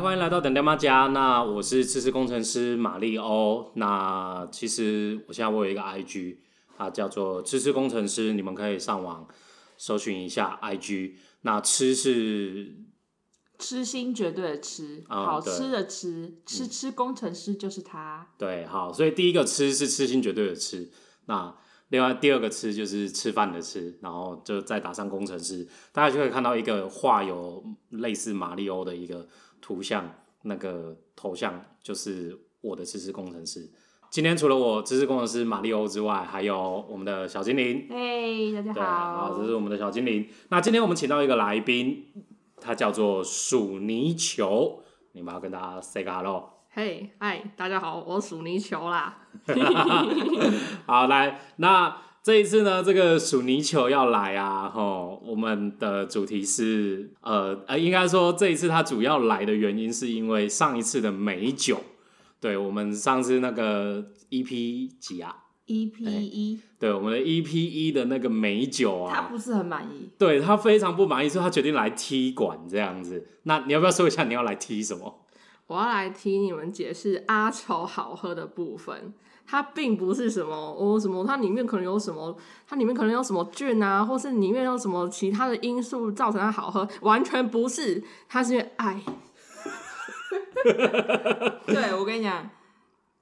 歡迎來到等爹媽家。那我是痴吃工程師馬里歐。那其實我現在我有一個 IG，啊，叫做痴吃工程師。你們可以上網搜尋一下 IG。那痴是痴心絕對的痴，嗯、好吃的吃、嗯，痴吃工程師就是他。對，好，所以第一個吃是痴心絕對的痴。那另外第二個吃就是吃飯的吃，然後就再打上工程師，大家就會看到一個畫有類似馬里歐的一個。圖像，那個頭像就是我的痴吃工程師。今天除了我痴吃工程師馬里歐之外，還有我們的小精靈。嘿，hey，大家好。好，這是我們的小精靈。那今天我們請到一個來賓，他叫做薯泥球。你們要跟大家 say hello。嘿，哎，大家好，我是薯泥球啦。 好，來那。這一次呢，這個薯泥球要來啊，吼！我們的主題是，呃呃，應該說這一次他主要來的原因是因為上一次的梅酒，對，我們上次那個 E.P. 幾啊？E.P. 一 -E 欸、對，我們的 E.P. 一的那個梅酒啊，他不是很滿意，對，他非常不滿意，所以他決定來踢館這樣子。那你要不要說一下你要來踢什麼？我要來替你們解釋阿丑好喝的部分。它並不是什麼哦，什麼，它裡面可能有什麼，它裡面可能有什麼菌啊，或是裡面有什麼其他的因素造成它好喝，完全不是，它是因為愛。 對，我跟你講，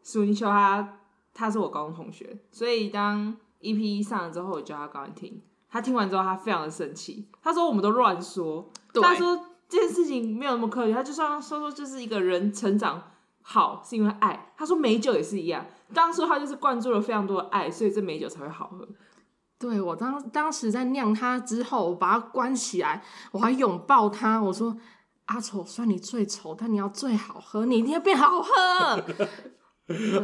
蘇 尼秋他他是我高中同學，所以當 EP 上了之後，我叫他趕快聽，他聽完之後他非常的生氣，他說我們都亂說，對但他說這件事情沒有那麼科學，他就算說說就是一個人成長。好，是因為愛。他說梅酒也是一樣，當初他就是灌注了非常多的愛，所以這梅酒才會好喝。對，我當當時在釀它之後，我把它關起來，我還擁抱它。我說：“阿醜，算你最醜，但你要最好喝，你一定要變好，好喝。 ”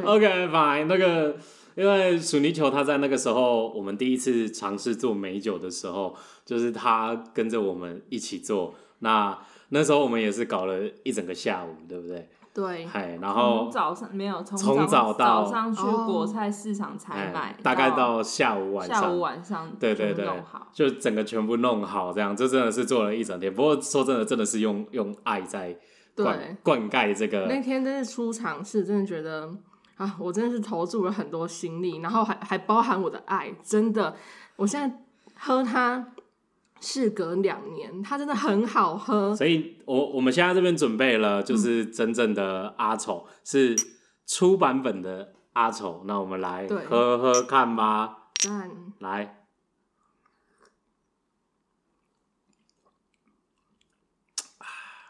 OK，Bye，okay。那個因為薯泥球他在那個時候，我們第一次嘗試做梅酒的時候，就是他跟着我們一起做。那那時候我們也是搞了一整個下午，對不對？對，然後從早上沒有，從早、早到早上去果菜市場採買，哦，大概到下午晚上，下午晚上對對對，就整個全部弄好，這樣，這真的是做了一整天。不過說真的，真的是用用愛在灌灌溉這個。那天真是出場，是真的覺得啊，我真的是投注了很多心力，然後還還包含我的愛，真的，我現在喝它。事隔兩年，它真的很好喝。所以，我我們現在，在這邊準備了，就是真正的阿醜、嗯，是初版本的阿醜。那我們來喝喝看吧。來，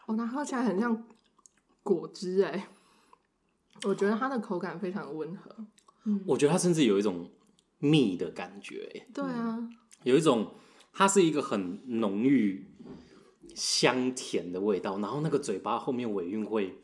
我、哦、那喝起來很像果汁哎！我覺得它的口感非常溫和。我覺得它甚至有一種蜜的感覺，對啊、嗯，有一種。它是一個很濃郁、香甜的味道，然後那個嘴巴後面尾韻會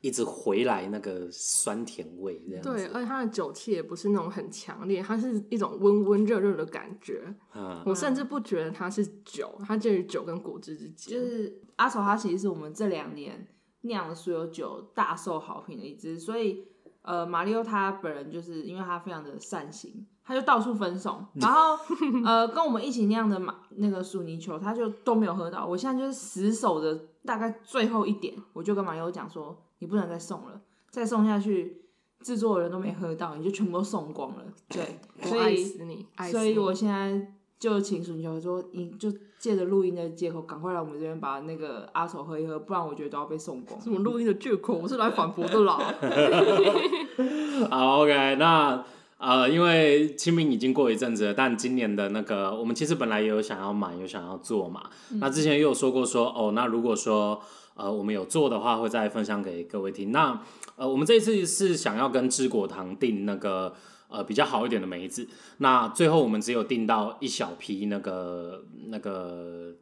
一直回來，那個酸甜味這樣。對，而且它的酒氣也不是那種很強烈，它是一種溫溫熱熱的感覺。嗯。我甚至不覺得它是酒，它介於酒跟果汁之間。嗯。就是阿丑，它其實是我們這兩年釀的所有酒大受好評的一支，所以。呃，馬里奧他本人就是因為他非常的善心，他就到處分送，然後呃，跟我們一起那樣的嘛，那個薯泥球，他就都沒有喝到。我現在就是死守着大概最後一點，我就跟馬里奧講說，你不能再送了，再送下去，製作的人都沒喝到，你就全部都送光了。對，所以，我愛死你，愛死你，所以我現在。就請蘇云說，你就借着錄音的借口，趕快來我們這邊把那個阿丑喝一喝，不然我覺得都要被送光。什麼錄音的借口？我是來反駁的啦。好、 uh,，OK，那呃，因為清明已經過一陣子了，但今年的那個，我們其實本來也有想要買，有想要做嘛。嗯、那之前也有說過說，哦，那如果說呃我們有做的話，會再分享給各位聽。那呃，我們這一次是想要跟知果堂訂那個。呃，比較好一點的梅子，那最後我們只有訂到一小批那個那個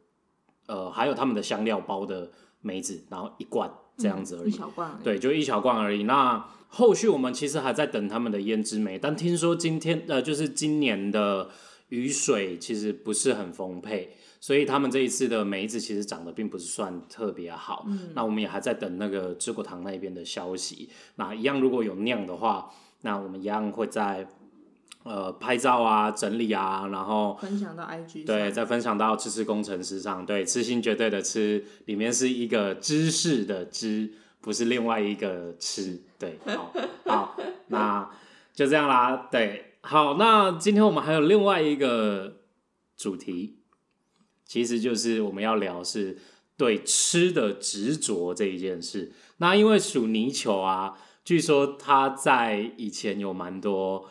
呃，還有他們的香料包的梅子，然後一罐這樣子而已。嗯，一小罐而已，對，就一小罐而已。那後續我們其實還在等他們的胭脂梅，但聽說今天呃，就是今年的雨水其實不是很豐沛，所以他們這一次的梅子其實長得並不是算特別好。嗯。那我們也還在等那個芝果堂那邊的消息。那一樣如果有釀的話。那我們一樣會在，呃，拍照啊，整理啊，然後分享到 IG 上，對，再分享到痴吃工程師上，對，痴心絕對的痴，裡面是一個知」識的知」，不是另外一個吃，對，好，好， 那就這樣啦，對，好，那今天我們還有另外一個主題，其實就是我們要聊是對吃的執着這一件事，那因為薯泥球啊。據說他在以前有蠻多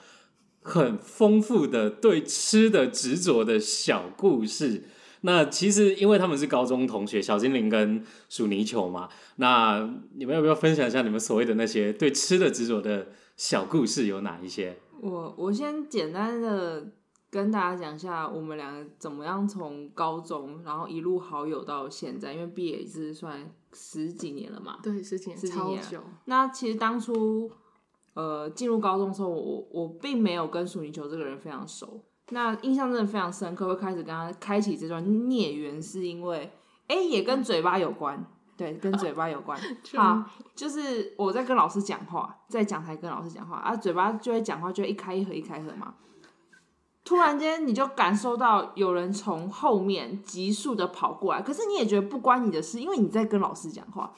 很豐富的對吃的執着的小故事。那其實因為他們是高中同學，小精靈跟薯泥球嘛，那你們要不要分享一下你們所謂的那些對吃的執着的小故事有哪一些？我我先簡單的跟大家講一下我們兩個怎麼樣從高中然後一路好友到現在，因為畢業一直算。十幾年了嘛，對，十幾年，十幾年超久年。那其實當初，呃，進入高中的時候，我我並沒有跟薯泥球這個人非常熟。那印象真的非常深刻，會開始跟他開啟這段孽緣，是因為，哎、欸，也跟嘴巴有關、嗯，對，跟嘴巴有關。 好，就是我在跟老師講話，在講台跟老師講話啊，嘴巴就會講話，就會一開一合，一開一合嘛。突然間，你就感受到有人從後面急速的跑過來，可是你也覺得不關你的事，因為你在跟老師講話，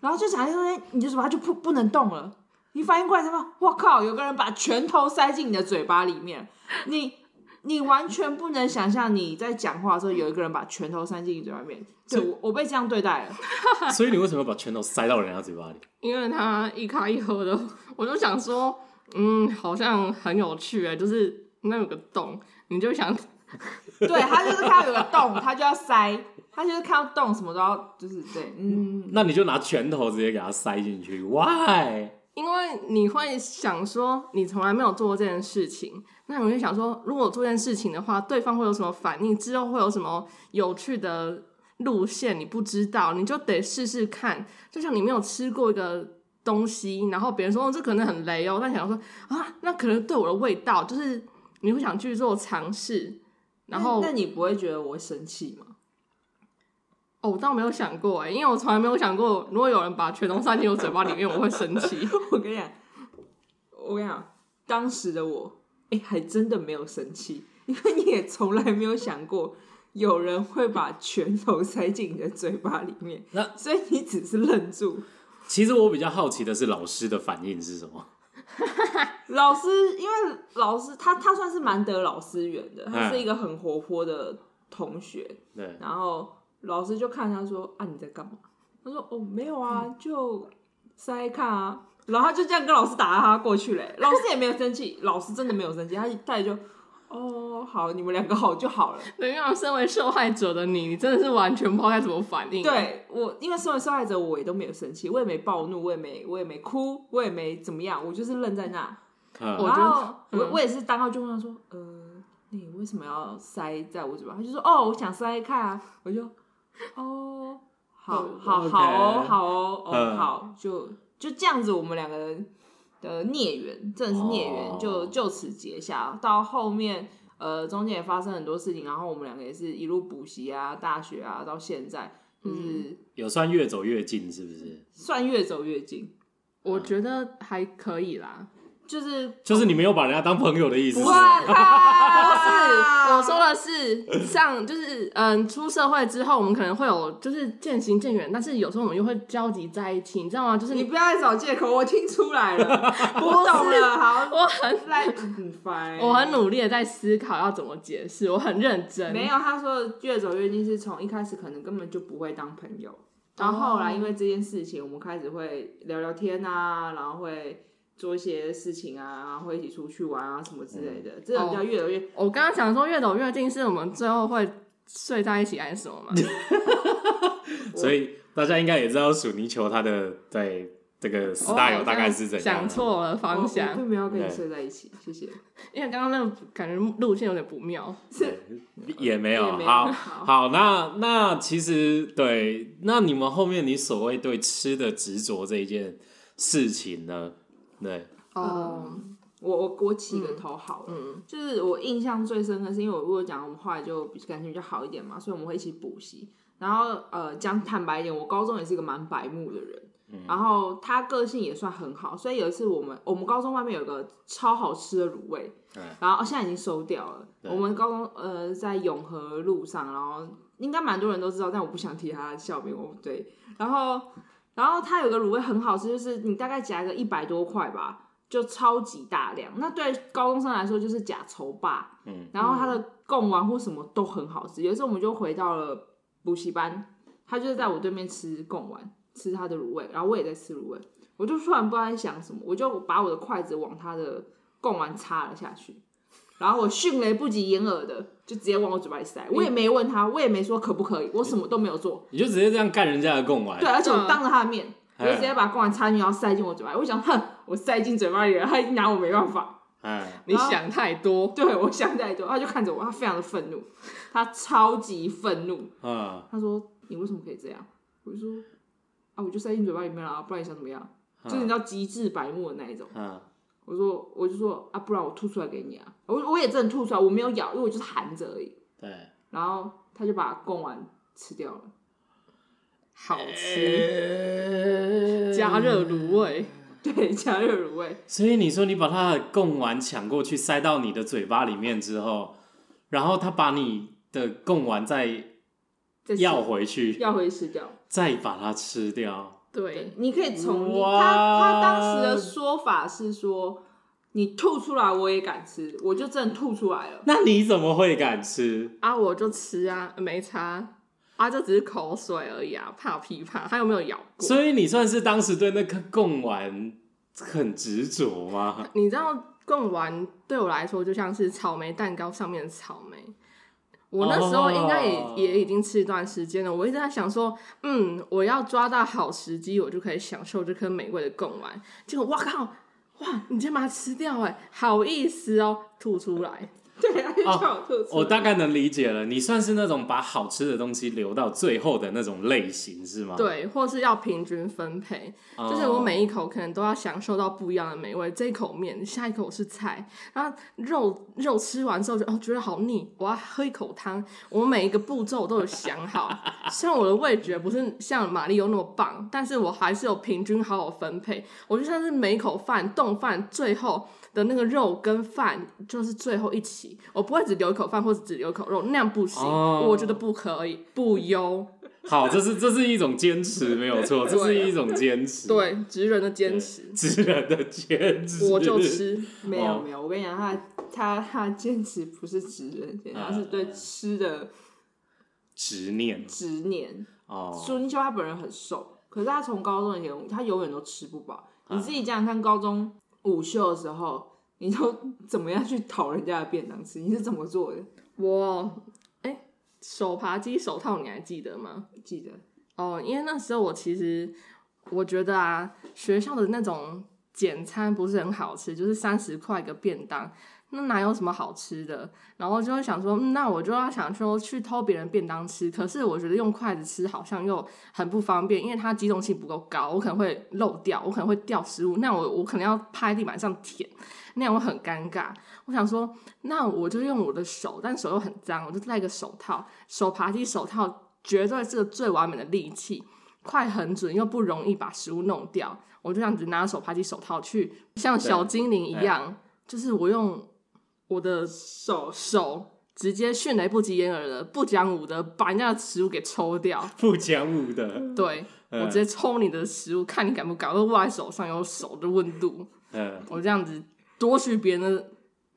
然後就想說，一些你就什麼他就不不能動了。你反應過來他說哇靠！有個人把拳頭塞進你的嘴巴裡面，你你完全不能想象你在講話的時候有一個人把拳頭塞進你的嘴巴裡面。就我被這樣對待了。所以你為什麼把拳頭塞到人家嘴巴裡？ 因為他一開一合的，我就想說，嗯，好像很有趣哎、欸，就是。那有個洞，你就想， 對，他就是看到有個洞， 他就要塞，他就是看到洞什麼都要，就是對，嗯。那你就拿拳頭直接給他塞進去，Why？因為你會想說，你從來沒有做過這件事情，那你會想說，如果做這件事情的話，對方會有什麼反應？之後會有什麼有趣的路線？你不知道，你就得試試看。就像你沒有吃過一個東西，然後別人說哦，這可能很雷喔，那你要說啊，那可能對我的味道，就是。你會想去做嘗試，然後那你不會覺得我會生氣嗎？哦，我倒沒有想過哎、欸，因為我從來沒有想過，如果有人把拳頭塞進我嘴巴裡面，我會生氣。 我跟你講，我跟你講，當時的我，哎、欸，還真的沒有生氣，因為你也從來沒有想過有人會把拳頭塞進你的嘴巴裡面，那所以你只是愣住。其實我比較好奇的是老師的反應是什麼？ 老師，因為老師他他算是蠻得老師緣的，他是一個很活潑的同學，嗯。對，然後老師就看他說：“啊，你在幹嘛？”他說：“哦，沒有啊，嗯、就塞看啊。”然後他就這樣跟老師打哈哈過去嘞，老師也沒有生氣，老師真的沒有生氣，他一他也就。哦、oh，好，你們兩個好就好了。因為身為受害者的你，你真的是完全不知道該怎麼反應，啊。對我，因為身為受害者，我也都沒有生氣，我也沒暴怒，我也沒，我也沒哭，我也沒怎麼樣，我就是愣在那。嗯、然後、嗯、我我也是，然後就問他說：“呃，你為什麼要塞在我嘴巴？”他就說：“哦，我想塞看啊。”我就：“哦，好，好，oh, okay. 好，好，哦、嗯，好，就就這樣子，我們兩個人。”的孽緣，真的是孽緣，oh. 就就此結下。到後面，呃，中間也發生很多事情，然後我們兩個也是一路補習啊，大學啊，到現在，就是有算越走越近，是不是？算越走越近，我覺得還可以啦。Uh. 就是就是你沒有把人家當朋友的意思，不啊！ 不是我說的是，像就是嗯，出社會之後，我們可能會有就是漸行漸遠，但是有時候我們又會交集在一起，你知道嗎？就是你不要再找借口， 我聽出來了，我懂了，好， 我很在很煩，我很努力的在思考要怎麼解釋，我很認真。沒有，他說越走越近，是從一開始可能根本就不會當朋友，然後後來因為這件事情，我們開始會聊聊天啊，然後會。做一些事情啊，或一起出去玩啊，什麼之類的，這種叫越走越、oh, ……我剛剛想說越走越近，是我們最後會睡在一起還是什麼嗎？ 所以大家應該也知道薯泥球它的對這個 style 大概是怎樣。樣想錯了方向，沒 有跟你睡在一起， 謝謝。 因為剛剛那個感覺路線有點不妙，是 也，也沒有，也沒有好，好。好，那那其實對，那你們後面你所謂對吃的執着這一件事情呢？對哦、嗯嗯，我我我起個頭好了嗯，嗯，就是我印象最深刻，是，因為我如果講我們後來就感情比較好一點嘛，所以我們會一起補習。然後呃，講坦白一點，我高中也是一個蠻白目的人，然後他個性也算很好，所以有一次我們我們高中外面有個超好吃的滷味，對、嗯，然後現在已經收掉了。我們高中呃在永和路上，然後應該蠻多人都知道，但我不想提他的校名哦，對，然後。然後它有個滷味很好吃，就是你大概夾個一百多塊吧，就超級大量。那對高中生來說就是呷粗飽。嗯，然後它的貢丸或什麼都很好吃。嗯嗯、有時候我們就回到了補習班，他就是在我對面吃貢丸，吃他的滷味，然後我也在吃滷味。我就突然不知道在想什麼，我就把我的筷子往他的貢丸插了下去。然後我迅雷不及掩耳的就直接往我嘴巴裡塞，我也沒問他，我也沒說可不可以，我什麼都沒有做，你就直接這樣幹人家的貢丸。對，而且我當着他的面，嗯、我就直接把貢丸插進去，然後塞進我嘴巴。我想、嗯，哼，我塞進嘴巴裡了，他已經拿我沒辦法、嗯啊。你想太多，對我想太多。他就看着我，他非常的憤怒，他超級憤怒。嗯、他說你為什麼可以這樣？我就說啊，我就塞進嘴巴裡面了，然後不然你想怎麼樣？嗯、就是你知道極致白目那一種。嗯我說，我就說啊，不然我吐出來給你啊。我我也真的吐出來，我沒有咬，因為我就是含着而已。對。然後他就把貢丸吃掉了，好吃，欸、加熱滷味，對，加熱滷味。所以你說你把他的貢丸搶過去塞到你的嘴巴裡面之後，然後他把你的貢丸再要回去再，要回去吃掉，再把它吃掉。對，對，你可以從你他他當時的說法是說，你吐出來我也敢吃，我就真的吐出來了。那你怎麼會敢吃啊？我就吃啊，沒差啊，就只是口水而已啊，怕皮怕，他有沒有咬過？所以你算是當時對那個貢丸很執着嗎？你知道貢丸對我來說就像是草莓蛋糕上面的草莓。我那時候應該也、oh. 也已經吃一段時間了，我一直在想說，嗯，我要抓到好時機，我就可以享受這顆美味的貢丸。結果我靠！哇，你竟然把它吃掉哎！好意思哦、喔，吐出來。對啊，哦、就我，吐我大概能理解了，你算是那種把好吃的東西留到最後的那種類型，是嗎？對，或是要平均分配，哦、就是我每一口可能都要享受到不一樣的美味。這一口麵，下一口是菜，然後肉肉吃完之後就，就哦覺得好膩，我要喝一口湯。我每一個步驟都有想好， 雖然我的味覺不是像瑪利歐那麼棒，但是我還是有平均好好分配。我就算是每一口飯、丼飯最後。的那個肉跟飯就是最後一起，我不會只留一口飯或者只留一口肉，那樣不行，oh. 我覺得不可以，不優。好， 這是這是一種堅持，沒有錯，這是一種堅持， 對，對職人的堅持，職人的堅持。我就吃，沒有沒有，我跟你講，他他他堅持不是職人，oh. 他是對吃的執念，執念哦。蘇一秋他本人很瘦，可是他從高中以前，他永遠都吃不飽。Oh. 你自己想想看，高中。午休的時候，你就怎麼樣去討人家的便當吃？你是怎麼做的？我，誒，欸，手扒雞手套，你還記得嗎？記得。哦，因為那時候我其實，我覺得啊，學校的那種簡餐不是很好吃，就是三十塊一個便當。那哪有什麼好吃的？然後就會想說，嗯，那我就要想說去偷別人便當吃。可是我覺得用筷子吃好像又很不方便，因為它機動性不夠高，我可能會漏掉，我可能會掉食物。那我我可能要趴地板上舔，那樣我很尷尬。我想說，那我就用我的手，但手又很髒，我就戴個手套，手扒雞手套絕對是個最完美的利器，快狠準又不容易把食物弄掉。我就這樣子拿手扒雞手套去，像小精靈一樣、欸，就是我用。我的手手直接迅雷不及掩耳的，不講武德，把人家的食物給抽掉。不講武德，對、嗯，我直接抽你的食物，看你敢不敢。我握在手上有手的溫度，嗯，我這樣子奪取別人的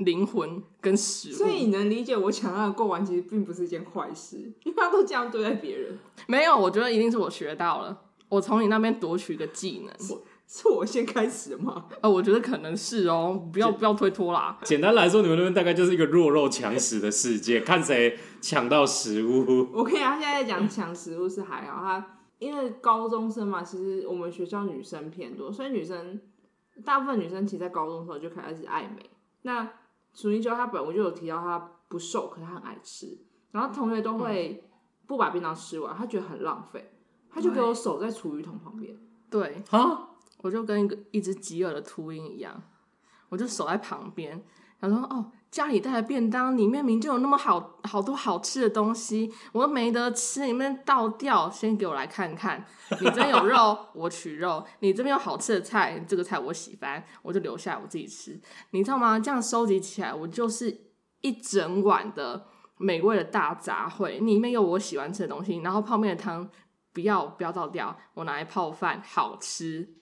靈魂跟食物。所以你能理解我搶要的過往，其實並不是一件壞事，因為他都這樣對待別人。沒有，我覺得一定是我學到了，我從你那邊奪取的技能。是我先開始嗎？呃、我覺得可能是哦、喔，不要不要推脫啦。簡單來說，你們那邊大概就是一個弱肉強食的世界， 看誰搶到食物。我跟他現在講搶食物是還好，他因為高中生嘛，其實我們學校女生偏多，所以女生大部分女生其實，在高中的時候就開始愛美。那楚一秋他本我就有提到，他不瘦，可是他很愛吃，然後同學都會不把便當吃完，嗯，他覺得很浪費，他就給我守在廚餘桶旁邊。對啊。我就跟一個一隻飢餓的禿鷹一樣，我就守在旁邊。他說：“哦，家裡帶的便當裡面明明就有那麼好好多好吃的東西，我都沒得吃，你們倒掉，先給我來看看。你這邊有肉，我取肉；你這邊有好吃的菜，這個菜我喜歡，我就留下來我自己吃。你知道嗎？這樣收集起來，我就是一整碗的美味的大雜燴。裡面有我喜歡吃的東西，然後泡面的湯不要不要倒掉，我拿來泡飯，好吃。”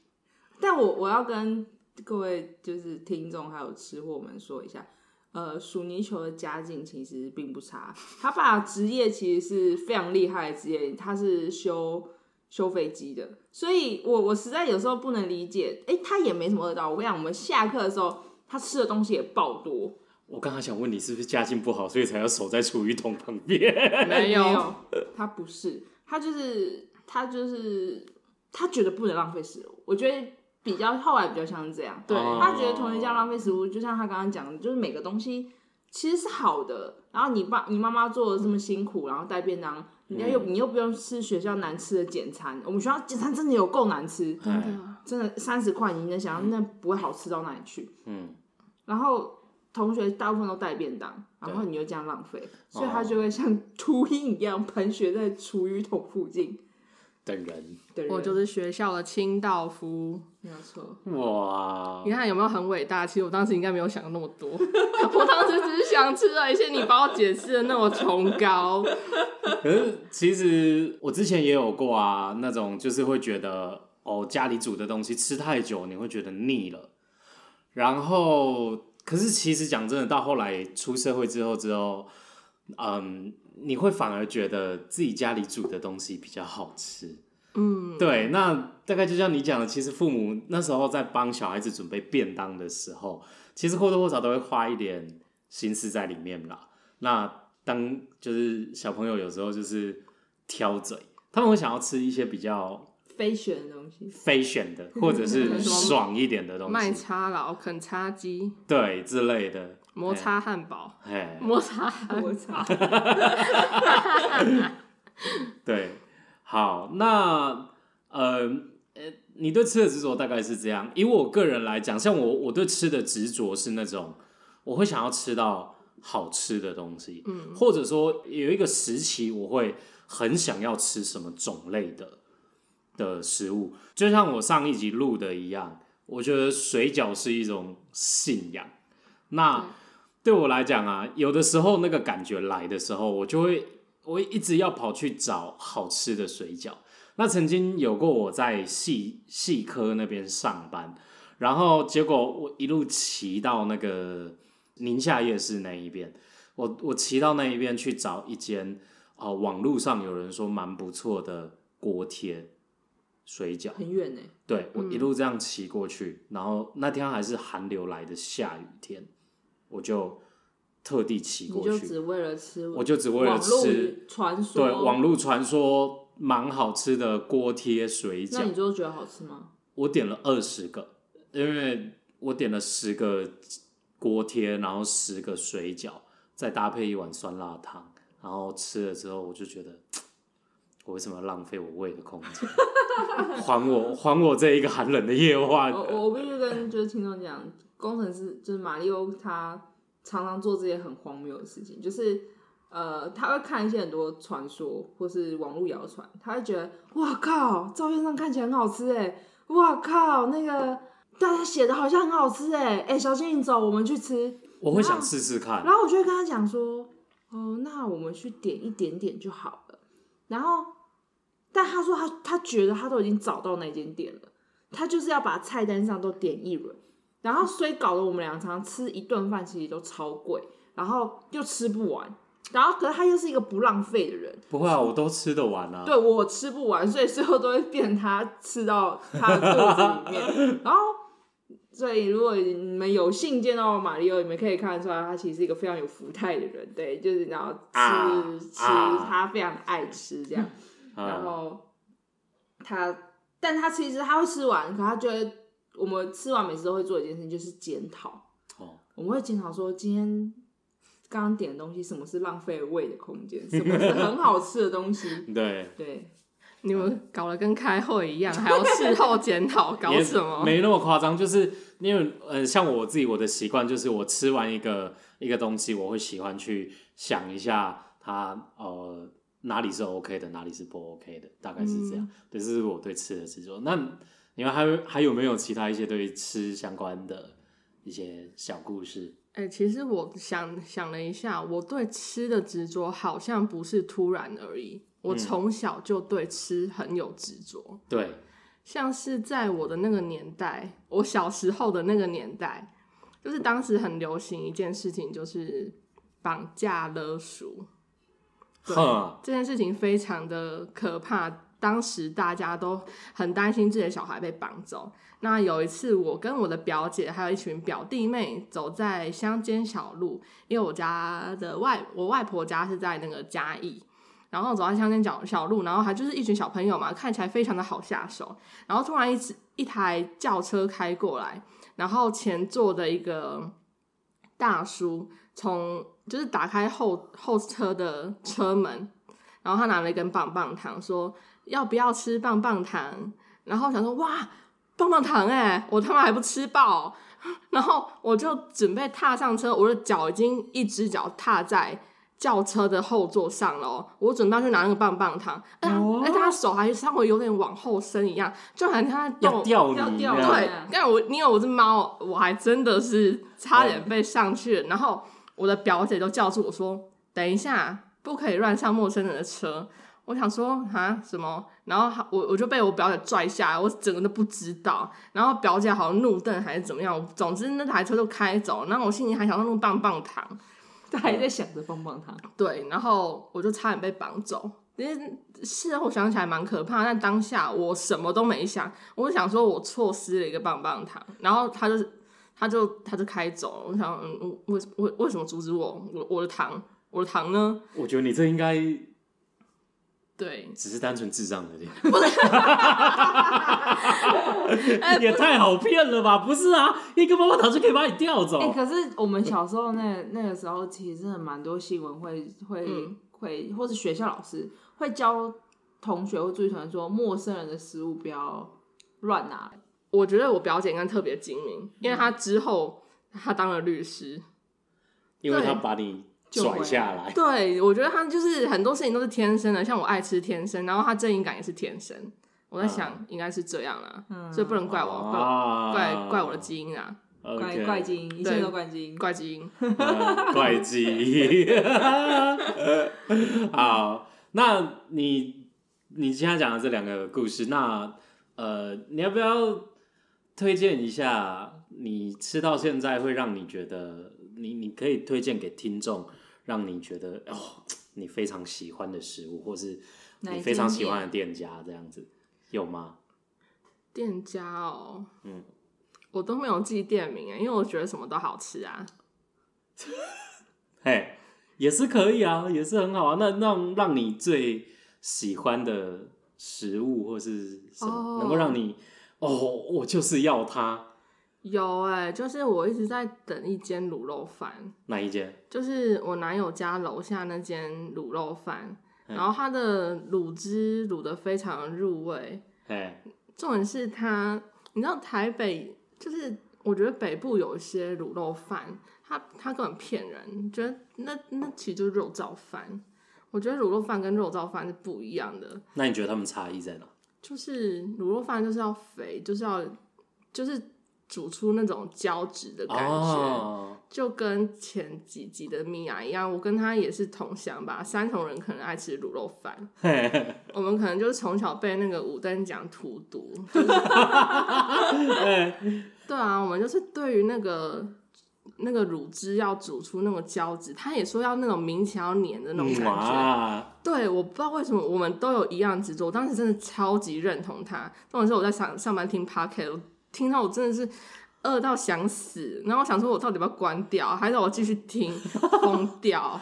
但我我要跟各位就是聽眾還有吃貨們說一下，呃，薯泥球的家境其實並不差，他爸職業其實是非常厲害的職業，他是修修飛機的，所以我我實在有時候不能理解，哎，他也沒什麼惡兆。我跟你講，我們下課的時候他吃的東西也爆多。我剛剛想問你，是不是家境不好，所以才要守在廚餘桶旁邊？沒有， 他不是，他就是他就是他覺得不能浪費食物，我覺得。比較後來比較像是這樣，對他覺得同學這樣浪費食物，oh. 就像他剛剛講的，就是每個東西其實是好的，然後你爸你媽媽做的這麼辛苦，嗯、然後帶便當，你又、嗯、你又不用吃學校難吃的簡餐，我們學校簡餐真的有夠難吃，嗯、真的三十塊，你能想像，那不會好吃到哪裡去，嗯，然後同學大部分都帶便當，然後你就這樣浪費，所以他就會像禿鷹一樣盤旋在廚餘桶附近。人，我就是學校的清道夫，沒有錯。哇，你看他有沒有很偉大？其實我當時應該沒有想那麼多， 我當時只是想吃了一些，你幫我解釋的那麼崇高。 可是其實我之前也有過啊，那種就是會覺得哦家裡煮的東西吃太久你會覺得膩了。然後，可是其實講真的，到後來出社會之後，之後。嗯，你會反而覺得自己家裡煮的東西比較好吃，嗯，對。那大概就像你講的，其實父母那時候在幫小孩子準備便當的時候，其實或多或少都會花一點心思在裡面啦。那當就是小朋友有時候就是挑嘴，他們會想要吃一些比較 fashion 的東西，fashion 的，或者是爽一點的東西，麥叉佬、肯叉雞，對之類的。摩擦漢堡，hey, 摩擦摩擦 對，好，那呃，你對吃的執着大概是這樣。以我個人來講，像我，我對吃的執着是那種我會想要吃到好吃的東西，嗯，或者說有一個時期我會很想要吃什麼種類的的食物，就像我上一集錄的一樣，我覺得水餃是一種信仰，那。對我來講啊，有的時候那個感覺來的時候，我就會我一直要跑去找好吃的水餃。那曾經有過我在細細科那邊上班，然後結果我一路騎到那個寧夏夜市那一邊，我我騎到那一邊去找一間啊、哦，網路上有人說蠻不錯的鍋貼水餃，很遠呢、欸。對我一路這樣騎過去、嗯，然後那天還是寒流來的下雨天。我就特地騎過去，我就只為了吃，我就只為了吃傳說，對網路傳說蠻好吃的鍋貼水餃，那你就覺得好吃嗎？我點了二十個，因為我點了十個鍋貼，然後十個水餃，再搭配一碗酸辣湯，然後吃了之後，我就覺得。我為什麼要浪費我胃的空間？ 還我還我這一個寒冷的夜晚。 我我必須跟就是聽眾講，工程師就是馬里奧，他常常做這些很荒謬的事情，就是呃，他會看一些很多傳說或是網絡謠傳，他會覺得哇靠，照片上看起來很好吃哎，哇靠，那個大家寫的好像很好吃哎哎、欸，小心你走，我們去吃。我會想試試看，然後我就會跟他講說，哦、呃，那我們去點一點點就好了，然後。但他說他他覺得他都已經找到那間店了，他就是要把菜單上都點一輪，然後所以搞得我們兩餐吃一頓飯其實都超貴，然後又吃不完，然後可是他又是一個不浪費的人，不會啊，我都吃得完啊，對，我吃不完，所以最後都會變他吃到他的肚子裡面， 然後所以如果你們有幸見到馬里奧，你們可以看得出來他其實是一個非常有福態的人，對，就是然後吃、啊、吃他非常的愛吃這樣。嗯、然後他，但他其實他會吃完，可他覺得我們吃完每次都會做一件事情，就是檢討。哦，我們會檢討說今天剛剛點的東西，什麼是浪費了胃的空間， 什麼是很好吃的東西。對對，你們搞得跟開會一樣、嗯，還要事後檢討， 搞什麼？沒那麼誇張，就是因為呃，像我自己我的習慣就是，我吃完一個一個東西，我會喜歡去想一下它呃。哪裡是 OK 的，哪裡是不 OK 的，大概是這樣。這、嗯、是我對吃的執着。那你們還還有沒有其他一些對吃相關的一些小故事？哎、欸，其實我想想了一下，我對吃的執着好像不是突然而已，我從小就對吃很有執着、嗯。對，像是在我的那個年代，我小時候的那個年代，就是當時很流行一件事情，就是綁架勒贖。對、huh. 這件事情非常的可怕，當時大家都很擔心自己的小孩被綁走。那有一次，我跟我的表姐還有一群表弟妹走在鄉間小路，因為我家的外我外婆家是在那個嘉義，然後走在鄉間小小路，然後還就是一群小朋友嘛，看起來非常的好下手。然後突然一直一台轎車開過來，然後前座的一個大叔從。就是打開後後車的車門，然後他拿了一根棒棒糖說，說要不要吃棒棒糖？然後想說哇，棒棒糖哎、欸，我他媽還不吃飽，然後我就準備踏上車，我的腳已經一只腳踏在轎車的後座上了，我準備去拿那個棒棒糖，但、哦、他、欸欸，他的手還稍微有點往後伸一樣，就好像他要掉，掉掉、啊，對，但我因為我是貓，我還真的是差點被上去了，嗯、然後。我的表姐都叫住我說：“等一下，不可以亂上陌生人的車。”我想說啊什麼，然後我我就被我表姐拽下來，我整個都不知道。然後表姐好像怒瞪還是怎麼樣，總之那台車就開走。然後我心裡還想那弄棒棒糖，還在想着棒棒糖，嗯。對，然後我就差點被綁走。其實事後想起來蠻可怕，但當下我什麼都沒想，我就想說我錯失了一個棒棒糖。然後他就。他就他就開走，我想為，我為什麼阻止我？我我的糖，我的糖呢？我覺得你這應該對，只是單純智障而已。 也太好騙了吧，欸不是不是啊？不是啊，一個棒棒糖就可以把你調走。哎，可是我們小時候那個、 那個時候，其實蠻多新聞會會、嗯、會，或是學校老師會教同學或社團說，陌生人的食物不要亂拿。我覺得我表姐應該特別精明，因為她之後她當了律師，因為她把你甩下來。對。對，我覺得她就是很多事情都是天生的，像我愛吃天生，然後她正義感也是天生。我在想，應該是這樣啦、嗯，所以不能怪我，哦、怪怪怪我的基因啊，okay. 怪怪基因，一切都怪基因，怪基因、 呃，怪基因。 好，那你你今天講的這兩個故事，那呃，你要不要？推薦一下你吃到現在會讓你覺得你你可以推薦給聽眾，讓你覺得哦你非常喜歡的食物，或是你非常喜歡的店家這樣子，有嗎？店家哦，嗯，我都沒有記店名哎，因為我覺得什麼都好吃啊。 嘿，也是可以啊，也是很好啊。那讓讓你最喜歡的食物，或是什麼、哦、能夠讓你。哦、oh,，我就是要它。有哎，欸，就是我一直在等一間滷肉飯。哪一間？就是我男友家樓下那間滷肉飯，然後他的滷汁滷的非常的入味。哎，重點是他，你知道台北就是，我覺得北部有一些滷肉飯，他他根本騙人，覺得那那其實就是肉燥飯。我覺得滷肉飯跟肉燥飯是不一樣的。那你覺得他們差異在哪？就是滷肉飯就是要肥，就是要就是煮出那種膠質的感覺，oh. 就跟前幾集的米婭一樣，我跟他也是同鄉吧，三重人可能愛吃滷肉飯， 我們可能就是從小被那個五燈獎荼毒，就是、 對啊，我們就是對於那個。那個乳汁要煮出那種膠質，他也說要那種明顯要粘的那種感覺、嗯啊。對，我不知道為什麼我們都有一樣執着。我當時真的超級認同他。重點是我在想上班聽 podcast 聽到我真的是餓到想死。然後我想說，我到底要關掉，還是我繼續聽瘋掉？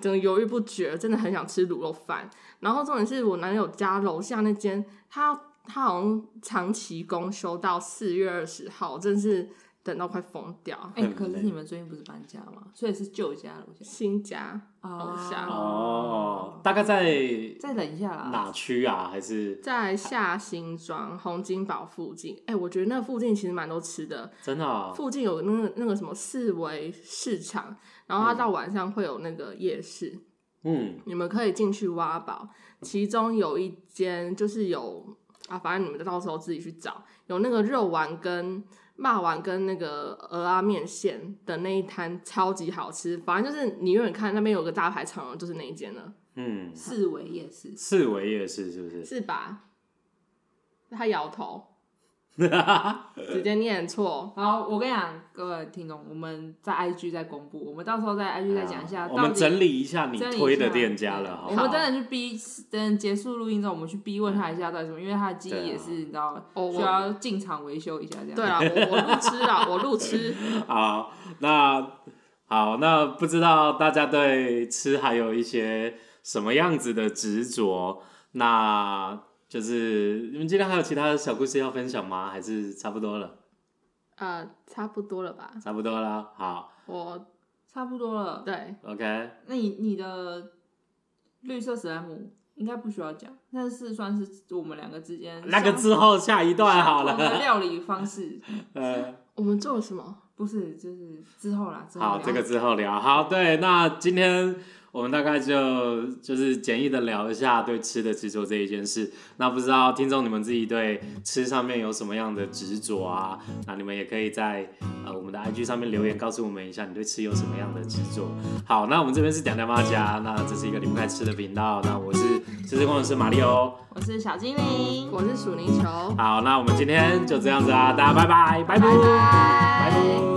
真的猶豫不決，真的很想吃滷肉飯。然後重點是我男友家樓下那間，他他好像長期公休到四月二十號，真的是。等到快瘋掉！哎、欸，可是你們最近不是搬家嗎？欸、所以是舊家，新家哦哦，大概在再等一下啦。哪區啊？還是在下新莊、啊、紅金寶附近？哎、欸，我覺得那附近其實蠻多吃的。真的啊、哦！附近有那個那個什麼四維市場，然後它到晚上會有那個夜市，嗯，你們可以進去挖寶。其中有一間就是有啊，反正你們就到時候自己去找。有那個肉丸跟。罵完跟那個蚵仔麵線的那一攤超級好吃，反正就是你遠遠看那邊有個大排長龍，就是那一間了。嗯，四維夜市，四維夜市是不是？是吧？他搖頭。 直接念錯，好，我跟你講，各位聽眾，我們在 IG 再公布，我們到時候在 IG 再講一下，啊、我們整理一下你推的店家了。嗯、好，我們真的去逼，等結束錄音之後，我們去逼問他一下到底什麼，因為他的機器也是、哦、你知道、oh, 需要進場維修一下這樣。對啊，我我路痴啊，我路痴 。好，那好，那不知道大家對吃還有一些什麼樣子的執着？那。就是你們今天還有其他的小故事要分享嗎？還是差不多了？呃，差不多了吧，差不多了。好，我差不多了。對，OK。那你你的綠色史萊姆應該不需要講，但是算是我們兩個之間那個之後下一段好了。料理方式，呃， 我們做了什麼？不是，就是之後了啦，之後。好，這個之後聊。好，對，那今天。我們大概就就是簡易的聊一下對吃的執着這一件事。那不知道聽眾你們自己對吃上面有什麼樣的執着啊？那你們也可以在呃我們的 IG 上面留言告訴我們一下你對吃有什麼樣的執着。好，那我們這邊是嗲嗲媽家，那這是一個離不開吃的頻道。那我是痴吃工程師馬利歐，我是小精靈、嗯，我是薯泥球。好，那我們今天就這樣子啊，大家拜拜，拜拜，拜拜。拜拜拜拜。